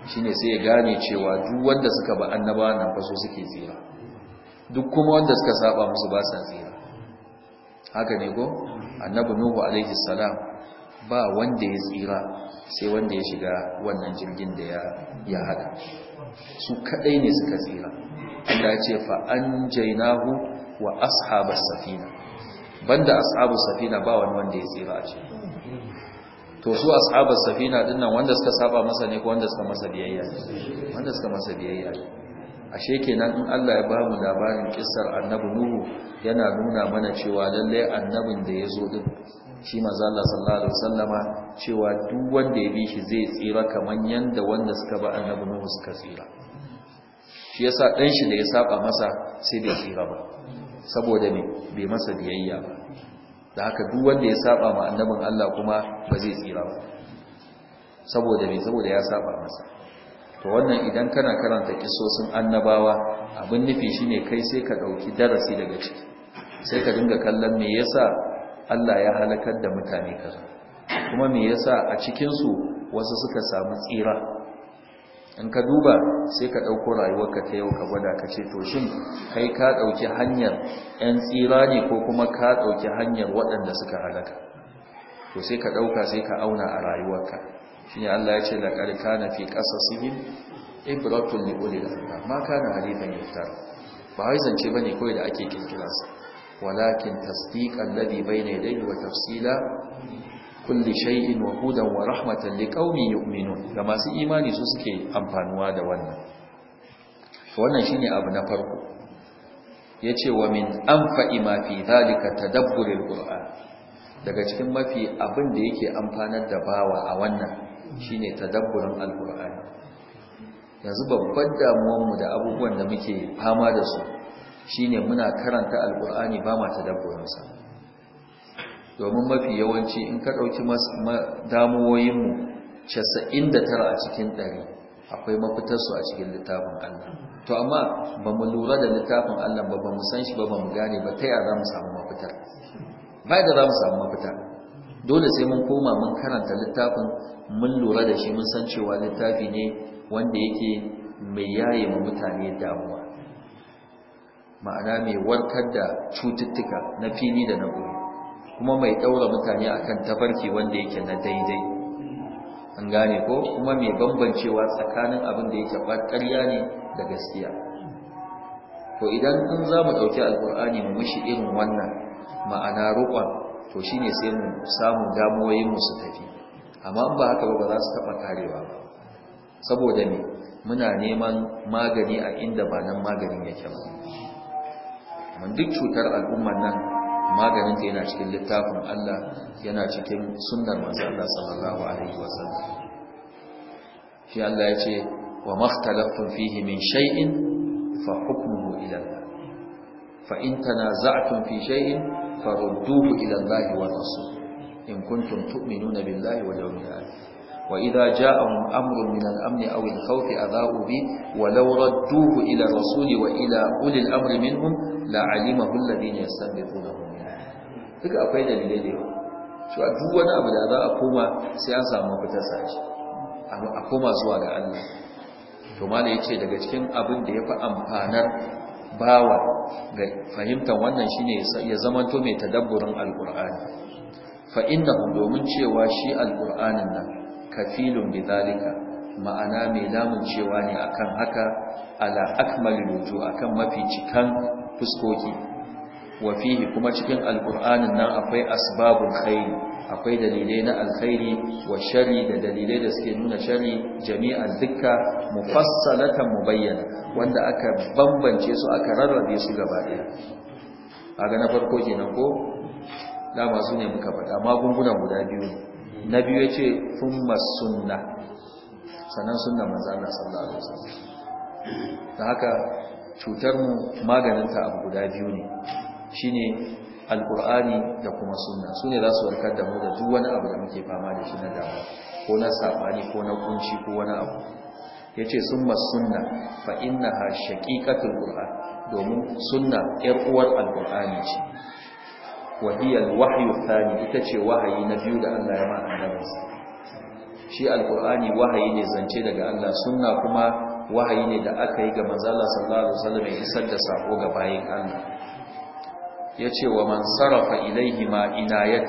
shine sai ya gane cewa duk wanda suka ba annabawa nan faso suke tsira duk kuma wanda suka saba musu ba sa tsira haka ne ko annabi nuhu alaihi salam ba wanda ya tsira sai wanda ya shiga wannan jirgin da ya ya hada su kadai ne suka tsira Allah ya ce fa jainahu wa ashabas safina banda ashabu safina ba wani wanda ya tsira a ciki to su ashabu safina dinnan wanda suka saba masa ne ko wanda suka masa biyayya wanda suka masa biyayya ashe kenan in Allah ya bamu labarin kissar annabi nuhu yana nuna mana cewa lalle annabin da ya zo din shi manzo Allah sallallahu alaihi wasallama cewa duk wanda ya bi shi zai tsira kaman yanda wanda suka ba annabi nuhu suka tsira shi yasa dan shi da ya saba masa sai da tsira ba saboda ne bai masa biyayya ba da haka duk wanda ya saba ma annabin Allah kuma ba zai tsira ba saboda me saboda ya saba masa to wannan idan kana karanta kisosin annabawa abin nufi shine kai sai ka dauki darasi daga ciki sai ka dinga kallon me yasa Allah ya halakar da mutane kaza kuma me yasa a cikin su wasu suka samu tsira in ka duba sai ka ɗauko rayuwarka ta yau ka gwada ka ce to shin kai ka ɗauki hanyar 'yan tsira ne ko kuma ka ɗauki hanyar waɗanda suka halaka to sai ka ɗauka sai ka auna a rayuwarka shi ne Allah ya ce da ƙarƙa na fi ƙasa ibrahim ne ƙuli da ƙarfa ma na halifan yuftar ba wai zance ne kawai da ake kirkira sa walakin ladi bai ne yadayhi wa tafsila kulli shay'in wa hudan wa rahmatan liqaumin yu'minun ga masu imani su suke amfanuwa da wannan wannan shine abu na farko yace wa min anfa ima fi zalika tadabburil qur'an daga cikin mafi abin da yake amfanar da bawa a wannan shine tadabburin alqur'ani yanzu babban damuwar mu da abubuwan da muke fama da su shine muna karanta alqur'ani ba ma tadabburin sa domin mafi yawanci in ka ɗauki damuwoyinmu 99 a cikin 100 akwai mafitarsu a cikin littafin Allah to amma ba mu lura da littafin Allah ba ba mu san shi ba ba mu gane ba ta yaya za mu samu mafitar ba da za mu samu mafitar. dole sai mun koma mun karanta littafin mun lura da shi mun san cewa littafi ne wanda yake mai yaye ma mutane damuwa ma'ana mai warkar da cututtuka na fili da na gobe kuma mai daura mutane akan tafarki wanda yake na daidai an gane ko kuma mai bambancewa tsakanin abin da yake ba ƙarya ne da gaskiya to idan in za mu ɗauki alkur'ani mu mushi irin wannan ma'ana roƙon to shine sai mu samu damuwoyin mu su tafi amma in ba haka ba ba za su taɓa karewa ba saboda ne muna neman magani a inda ba nan maganin yake ba duk cutar al'ummar nan maganinta yana cikin littafin Allah yana cikin sunnar manzo Allah sallallahu alaihi wasallam shi Allah ya ce wa makhtalaftum fihi min shay'in fa hukmuhu ila Allah fa in tanaza'tum fi shay'in farudduhu ila Allah wa rasul in kuntum tu'minuna billahi wal yawmil akhir وإذا جاءهم أمر من الأمن أو الخوف wa به ولو ردوه إلى الرسول وإلى أولي الأمر منهم لعلمه الذين يستنبطونه duka akwai dalilai da yawa a duk wani abu da za a koma sai an samu fitar sashi a koma zuwa ga Allah to ya ce daga cikin abin da ya fi amfanar bawa ga fahimtar wannan shine ya zamanto mai tadabburin alkur'ani fa innahu domin cewa shi alqur'anin nan kafilun bidalika ma'ana mai lamun cewa ne akan haka ala akmalin wujuh akan mafi cikan fuskoki Wafihi kuma cikin alqur'anin nan akwai asbabun khairi akwai dalilai na alkhairi wa shari da dalilai da suke nuna shari jami'an dukka mufassalatan mubayyana wanda aka bambance su aka rarrabe su gaba daya kaga na farko kenan ko dama su ne muka faɗa magungunan guda biyu na biyu yace thumma sunna sannan sunna manzo Allah sallallahu alaihi wasallam da haka cutar mu maganinta abu guda biyu ne ne Alƙur'ani da kuma sunna ne za su warkar da mu da duk wani abu da muke fama da shi na dama ko na safani ko na kunci ko wani abu Ya ce summa sunna fa innaha shaqiqatul ƙura domin sunna yar uwar alqur'ani ce Wahiyar hiya alwahyu ita ce wahayi na biyu da Allah ya ma annabinsa shi Alƙur'ani wahayi ne zance daga Allah sunna kuma wahayi ne da aka yi ga manzo sallallahu alaihi wasallam ya isar da sako ga bayan Allah ya ce wa man sarrafa ilaihi ma ina ya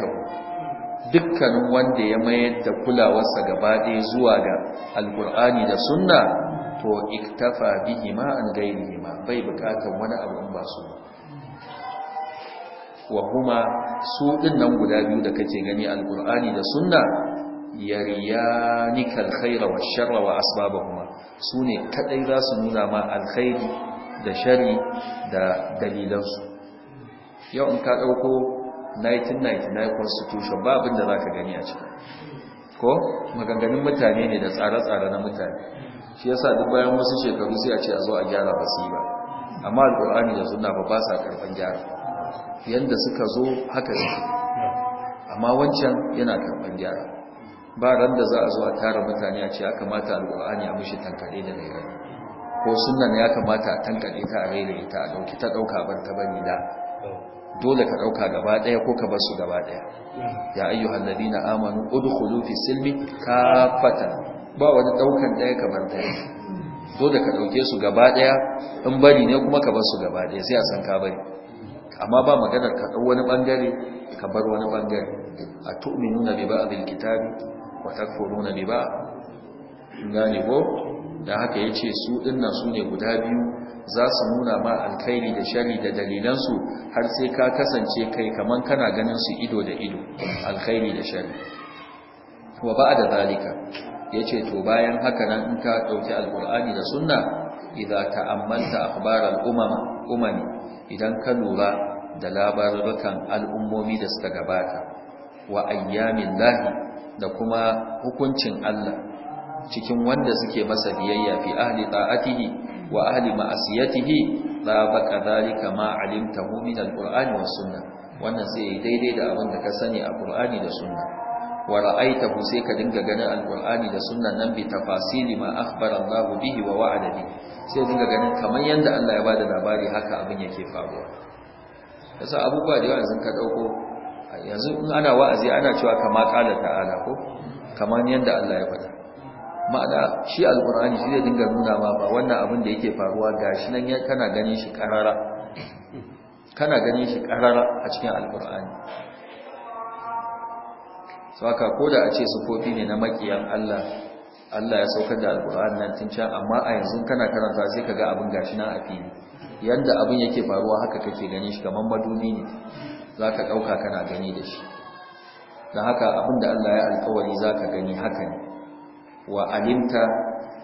dukkanin wanda ya mayar da kulawarsa gaba ɗaya zuwa ga alkur'ani da sunna to iktafa bihi ma an gairi ma bai bukatar wani abu ba su wa kuma su ɗin nan guda biyu da kake gani alkur'ani da sunna yariyanika alkhaira wa sharra wa asbabahuma su ne kaɗai za su nuna ma alkhairi da shari da dalilansu yau in ka ɗauko 1999 constitution ba abin da za ka gani a ciki ko maganganun mutane ne da tsare-tsare na mutane shi yasa duk bayan wasu shekaru sai a ce a zo a gyara basira. amma alƙur'ani da suna ba ba sa karɓar gyara yadda suka zo haka suke amma wancan yana karɓar gyara ba ran da za a zo a tara mutane a ce ya kamata alƙur'ani a mishi tankaɗe da rairayi ko sunan ya kamata a tankaɗe ta a rairayi ta a ɗauki ta ɗauka ban ta bari da dole ka ɗauka gaba daya ko ka bar su gaba daya ya ayyuhal ladina amanu udkhulu fi silmi kafatan ba wani daukan daya kamar daya dole ka ɗauke su gaba daya in bari ne kuma ka bar su gaba daya sai a san ka bari amma ba maganar ka dau wani bangare ka bar wani bangare atu'minuna bi ba'dil kitabi wa takfuruna bi ba gane ko da haka yace su dinnan su ne guda biyu za su nuna ma alkhairi da shari da dalilansu har sai ka kasance kai kaman kana ganin su ido da ido alkhairi da shari wa ba da zalika yace to bayan haka nan in ka dauki alqur'ani da sunna idza ta'ammalta akhbar al-umama umami idan ka lura da labarukan al'ummomi da suka gabata wa ayyamin lahi da kuma hukuncin Allah cikin wanda suke masa biyayya fi ahli ta'atihi wa ahli ma'asiyatihi la baqa dhalika ma alimtahu min alqur'ani was sunnah wannan sai daidai da abin da ka sani a qur'ani da sunna wa ra'aitahu sai ka dinga ganin alqur'ani da sunna nan bi tafasili ma akhbara Allah bihi wa wa'ada bi sai dinga ganin kamar yanda Allah ya bada labari haka abin yake faruwa yasa abubuwa da yawa yanzu ka dauko yanzu in ana wa'azi ana cewa kama qala ta'ala ko kamar yanda Allah ya faɗa ma'ana shi alkur'ani shi zai dinga nuna ma ba wannan abin da yake faruwa shi nan ya kana ganin shi karara kana ganin shi karara a cikin alqur'ani ko koda a ce sufofi ne na makiyan Allah Allah ya saukar da alkur'ani nan tun can amma a yanzu kana karanta sai kaga abin gashi nan a fili yanda abin yake faruwa haka kake ganin shi kamar madubi ne zaka dauka kana gani da shi dan haka abin da Allah ya alƙawari zaka gani haka ne wa alimta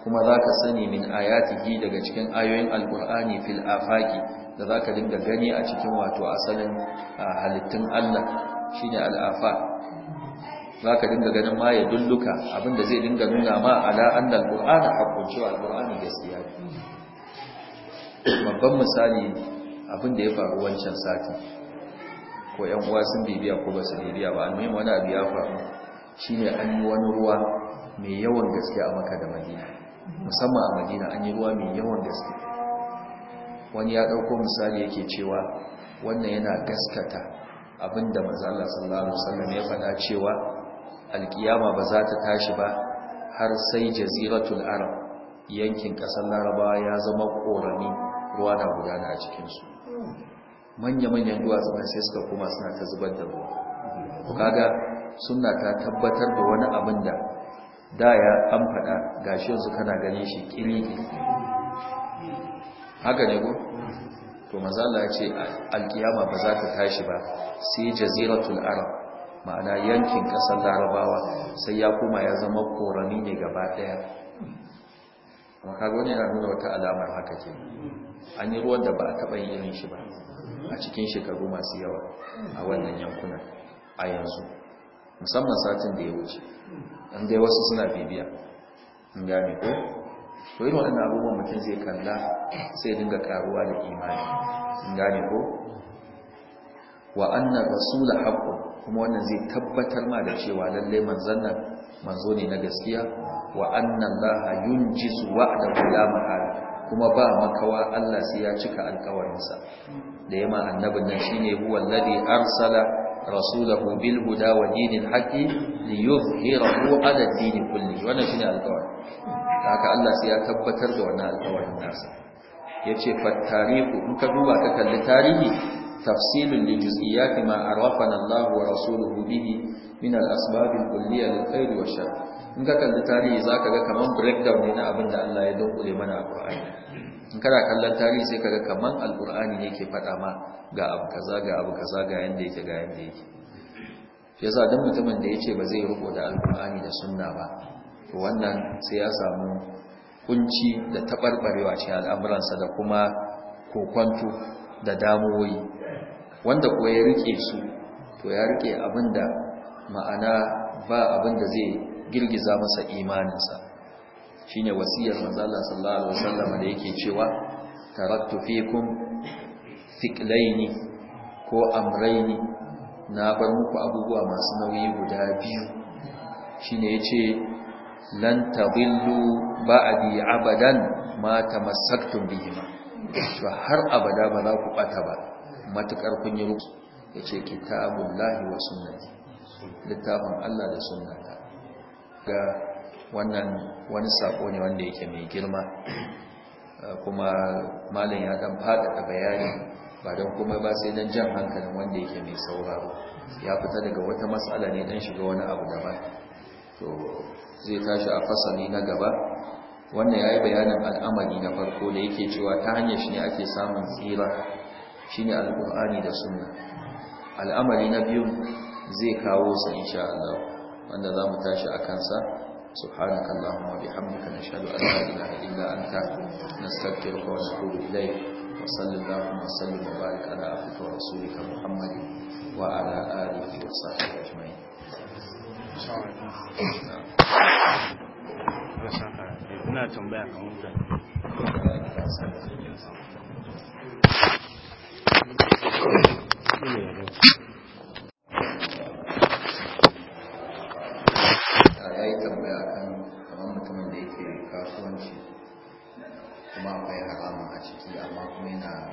kuma zaka sani min ayatihi daga cikin ayoyin alqur'ani fil afaqi da zaka dinga gani a cikin wato asalin halittun Allah shine al afaq zaka dinga ganin ma ya dulluka abinda zai dinga nuna ma ala anna alqur'ana haqqun cewa alqur'ani gaskiya babban misali abinda ya faru wancan sati ko yan uwa sun bibiya ko ba su bibiya ba annabi wani abu ya faru shine an yi wani ruwa mai yawan gaske a maka da madina musamman a madina an yi ruwa mai yawan gaske wani ya ɗauko misali yake cewa wannan yana gaskata abinda mazala sallallahu alaihi wasallam ya faɗa cewa alkiyama ba za ta tashi ba har sai jaziratul arab yankin ƙasar larabawa ya zama ƙorani ruwa na gudana a cikinsu manya-manyan duwatsu sai suka kuma suna ta zubar da ruwa kaga suna ta tabbatar da wani abin da da ya an faɗa gashi yanzu kana ganin shi kiriki haka ne ko to manzo Allah ya ce alkiyama ba za ta tashi ba sai jaziratul arab ma'ana yankin kasar larabawa sai ya koma ya zama korani ne gaba ɗaya. amma yana nuna wata alamar haka ce an yi ruwan da ba a taɓa yin shi ba a cikin shekaru masu yawa a wannan yankunan a yanzu musamman satin da ya wuce an dai wasu suna bibiya in gane ko to yi waɗannan abubuwan mutum zai kalla sai dinga karuwa da imani in gane ko wa annar rasula haƙƙo, kuma wannan zai tabbatar ma da cewa lalle manzannan manzo ne na gaskiya wa ji su wa da kula mahal kuma ba makawa Allah sai ya cika alkawarinsa da yamma annabin nan shine huwa alladhi arsala rasulahu bil huda wa dinil haqqi li yuzhirahu ala din kulli wannan shine alƙawari haka Allah sai ya tabbatar da wannan alƙawarin nasa yace fa tarihu in ka duba ka kalli tarihi tafsilun li juz'iyati ma arafana Allah wa rasuluhu bihi min al asbab al kulliyya lil khair wa shar in ka kalli tarihi zaka ga kaman breakdown ne na abin da Allah ya dunkule mana a Qur'ani in kana kallon tarihi sai kaga kaman alkur'ani ne yake faɗa ma ga abu kaza ga abu kaza ga yanda yake ga yanda yake yasa duk mutumin da yace ba zai riko da alkur'ani da sunna ba to wannan sai ya samu kunci da tabarbarewa cikin al'amuransa da kuma kokonto da damuwoyi wanda ko ya rike su to ya rike abinda ma'ana ba abinda zai girgiza masa imaninsa shine wasiyar manzo Allah sallallahu alaihi wasallam da yake cewa taraktu fikum thiqlaini ko amraini na bar muku abubuwa masu nauyi guda biyu shine yace lan tadillu ba'di abadan ma tamassaktum bihima to har abada ba za ku bata ba matukar kun yi ruku yace kitabullahi wa sunnati littafin Allah da sunnata ga wannan wani sako ne wanda yake mai girma eh, kuma malam ya dan da bayani ba don kuma ba sai don jan hankalin wanda yake mai sauraro ya fita daga wata matsala ne don shiga wani abu daban to zai tashi a fasali na gaba wannan ya yi bayanin al'amari na farko da yake cewa ta hanyar shi ne ake samun tsira shi ne alƙur'ani da suna al'amari na biyu zai kawo sa insha Allah wanda za mu tashi a kansa سبحانك اللهم وبحمدك نشهد أن لا إله إلا أنت نستغفرك ونتوب إليك وصلى اللهم وسلم وبارك على عبدك ورسولك محمد وعلى آله وصحبه أجمعين. Thank نعم. you. kafiri amma kuma yana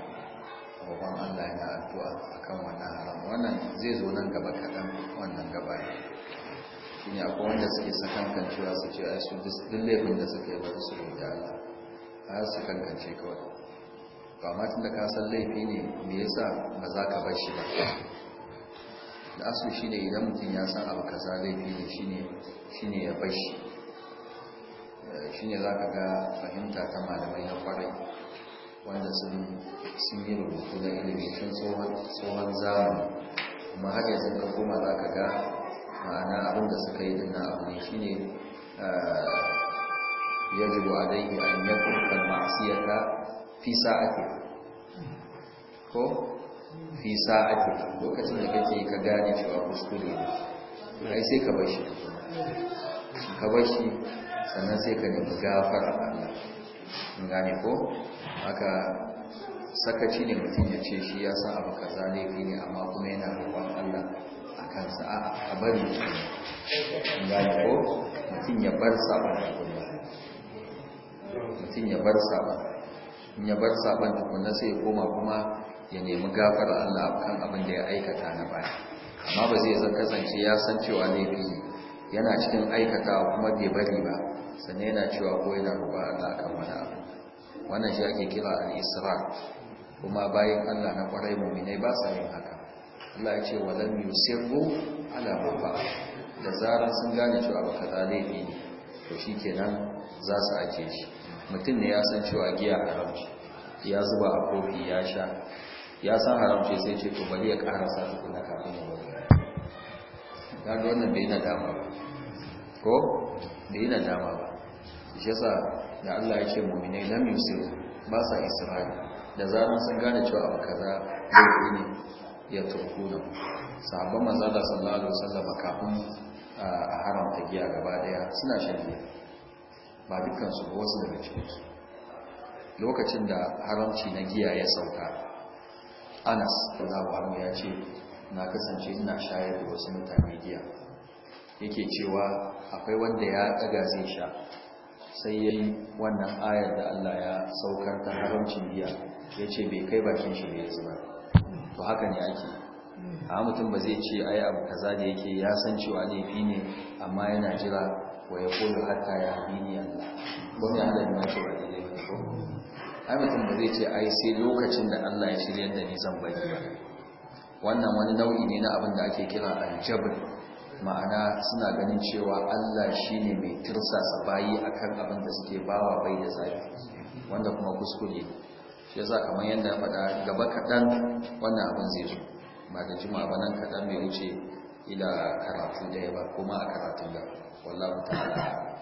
roƙon Allah yana addu'a akan wannan haram wannan zai zo nan gaba kaɗan wannan gaba ne akwai wanda suke sakankancewa su ce ai su duk laifin da suka yi wata su da Allah har su kankance kawai ba ma tun da ka san laifi ne me yasa ba za ka bar shi ba da asu shi ne idan mutum ya san abu kaza laifi ne shi ne ya bar shi eh, shi ne za ka ga fahimta ta malamai na kwarai wanda sun yi rubutu na ilimi tun tsohon zamani kuma har yanzu ka koma za ka ga ma'ana abin da suka yi dinna abu ne shi ne dai a yi yakun masu yaka fi sa'ake ko fi sa'ake lokacin da kake ka gane cewa kuskure ne ai sai ka bar shi ka bashi shi sannan sai ka nemi gafara Allah in gane ko haka sakaci ne mutum ya ce shi ya san abu kaza laifi ne amma kuma yana roƙon Allah a kansa a bari gani ko mutum ya bar saban tukunna mutum ya bar saban in ya bar saban tukunna sai ya koma kuma ya nemi gafar Allah kan abin da ya aikata na baya amma ba zai zan kasance ya san cewa laifi ne yana cikin aikata kuma bai bari ba sannan yana cewa ko yana roƙon Allah kan wani abu wannan shi ake kira al-isra kuma bayan Allah na kwarai mu'minai ba sa yin haka Allah ya ce wadan yusirru ala ma da zarar sun gane cewa ba kaza laifi ne to kenan za su ake shi mutum ne ya san cewa giya haramci ya zuba a kofi ya sha ya san haramci sai ce to bari ya karasa na kafin ya wani ga wannan bai na dama ba ko bai na dama ba shi yasa da Allah yake mu'minai lam yusir ba sa isra'i da zaran sun gane cewa abu kaza zai ne ya turkuna sahabban manzo Allah sallallahu alaihi wasallam kafin ah, a haramta giya gaba daya suna shan ba dukkan su ba wasu daga cikin su lokacin da haramci na giya ya sauka Anas da radiyallahu anhu ya ce na kasance ina shayar da wasu mutane giya yake cewa akwai wanda ya daga zai sha sai ya yi wannan ayar da Allah ya saukar ta haramcin biya ya ce bai kai bakin shi ne yanzu ba to haka ne ake a mutum ba zai ce ai abu kaza da yake ya san cewa laifi ne amma yana jira wa ya koyo hatta ya bini Allah gwamnati Allah ne ce ba daidai ba ko a mutum ba zai ce ai sai lokacin da Allah ya shirya da ni zan bari ba wannan wani nau'i ne na abin da ake kira aljabr ma'ana suna ganin cewa Allah shine mai tirsasa bayi akan abin da suke bawa bai da zafi wanda kuma kuskure shi yasa kamar yadda faɗa gaba kaɗan wannan abin zai zo ba da juma ba nan kaɗan mai wuce ila karatu ya ba kuma a karatun da wallahu ta'ala